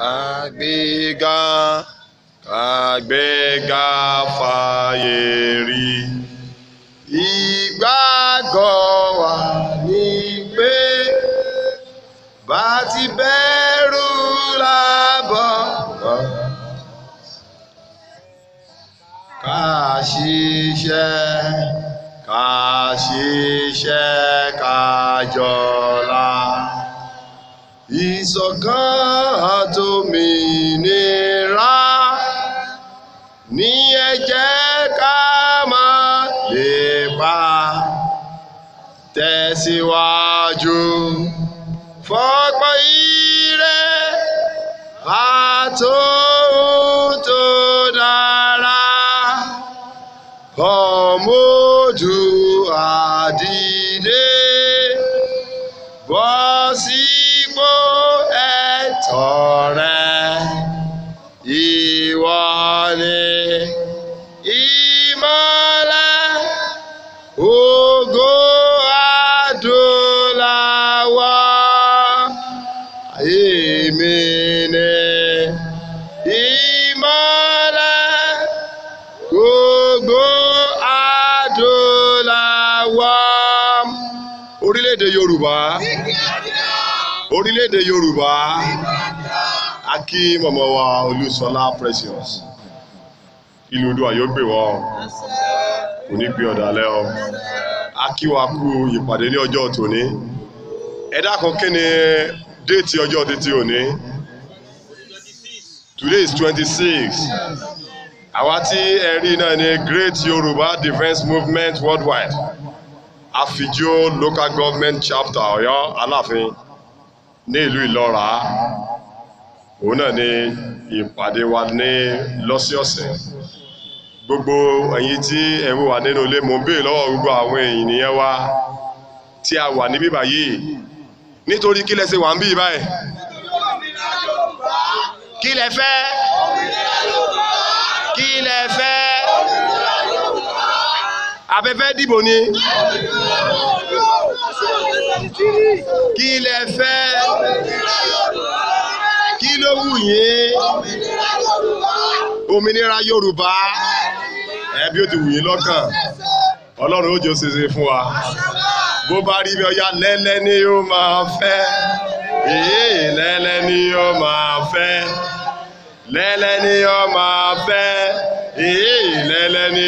kàgbéga kàgbéga fàyè rí ìgbàgbọ́ wa ni pé bá ti bẹ̀rù lábọ̀ ká ṣiṣẹ́ ká ṣiṣẹ́ ká jọlá ìṣọ̀kan àtòmìnira ní ẹ jẹ́ ká máa lè bá tẹ̀síwájú fọ́pọ̀ ire àtòhùn tó dára ọmọ. ìmọ́lẹ̀ ògo adúláwọ̀ ayé mi ni ìmọ́lẹ̀ ògo adúláwọ̀ orílẹ̀-èdè Yorùbá orílẹ̀-èdè Yorùbá a kí mọ̀mọ́ wa Olúṣọlá Precious ìlú Oòduà yóò gbè wọ́n kò ní gbé ọ̀dàlẹ̀ ọ a kí wa kú ìpàdé ní ọjọ́ tòní ẹ dákun kí ni déètì ọjọ́ títí òní today is twenty six àwa tí ẹ rí náà ni Great Yorùbá Defence Movement Worldwide Afijio Local Government Chapter Ọ̀yọ́ Aláàfin ní ìlú Ìlọ́ra òun náà ni ìpàdé wa ní lọ́sọ̀ọ̀sẹ̀ gbogbo ẹ̀yin tí ẹ̀ wà nínú ilé mò ń béèrè lọ́wọ́ gbogbo àwọn ènìyàn wa tí a wà níbí báyìí nítorí kí lẹ ṣe wà ń bí báyìí kí lẹ fẹ́ kí lẹ fẹ́ abẹ́fẹ́ dìbò ni kí lẹ fẹ́ kí ló wù yín òmìnira Yorùbá ẹ bí ó ti wù yín lọ́kàn ọlọ́run ó jọ ṣeṣe fún wa bó bá rí bí ọya lẹ́lẹ́ ni ó máa fẹ́ èyí lẹ́lẹ́ ni ó máa fẹ́ lẹ́lẹ́ ni ó máa fẹ́ èyí lẹ́lẹ́ ni.